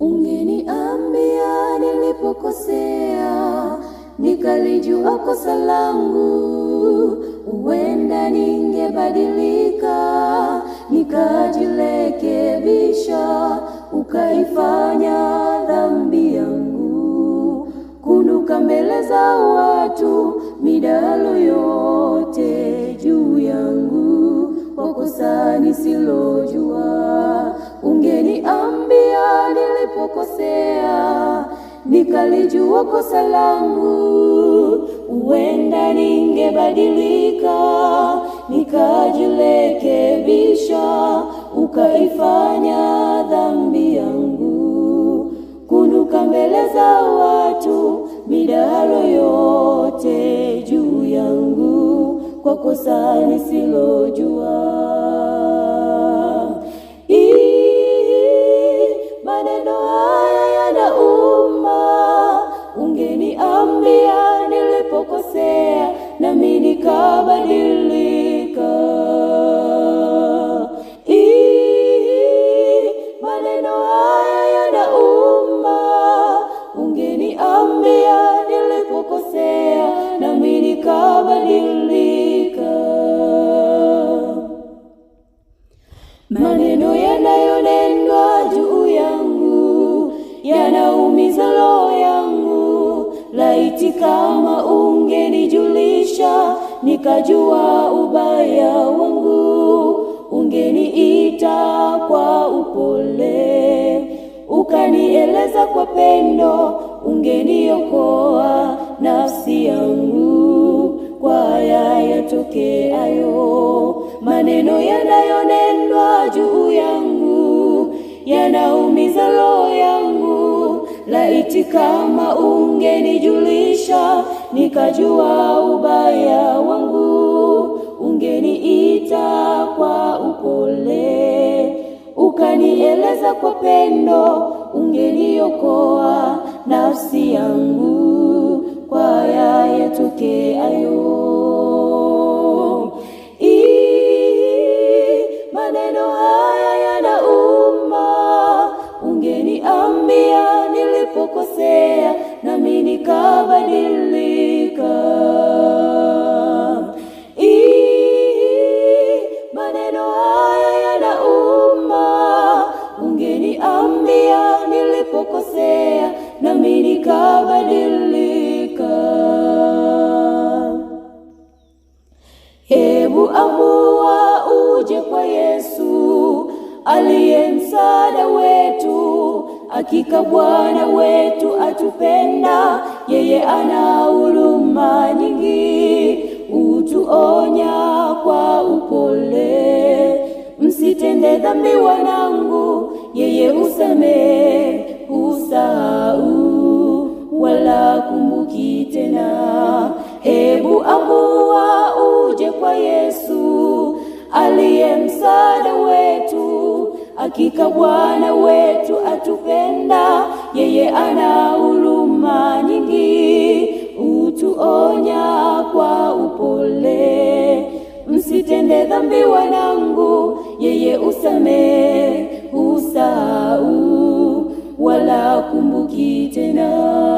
Ungeniambia nilipokosea, nikalijua kosa langu, huenda ningebadilika, nikajirekebisha, ukaifanya dhambi yangu kunuka mbele za watu, midalo yote juu yangu, kwa kosa nisilojua. nikalijua kosa langu, huenda ningebadilika, nikajirekebisha, ukaifanya dhambi yangu kunuka mbele za watu, midahalo yote juu yangu, kwa kosa nisilojua. Nilikwambia nilikukosea, nami nikabadilika. Maneno yanayonenwa juu yangu yanaumiza roho yangu. Laiti kama ungenijulisha, nikajua ubaya wangu, ungeniita kwa upole ukanieleza kwa pendo ungeniokoa nafsi yangu kwa haya yatokeayo. Maneno yanayonenwa juu yangu yanaumiza roho yangu. Laiti kama ungenijulisha, nikajua ubaya wangu, ungeniita kwa upole, ukanieleza kwa pendo, ungeniokoa nafsi yangu kwa yayetukeayo. Maneno haya yanauma, ungeniambia nilipokosea, nami nikabadilika. likabadilika. Hebu amua uje kwa Yesu aliye msaada wetu. Hakika Bwana wetu atupenda, yeye ana huruma nyingi, utuonya kwa upole. Msitende dhambi wanangu, yeye useme usahau wala kumbuki tena. Hebu amua uje kwa Yesu aliye msaada wetu. Hakika Bwana wetu atupenda, yeye ana huruma nyingi, utuonya kwa upole. Msitende dhambi wanangu, yeye usame usau wala kumbuki tena.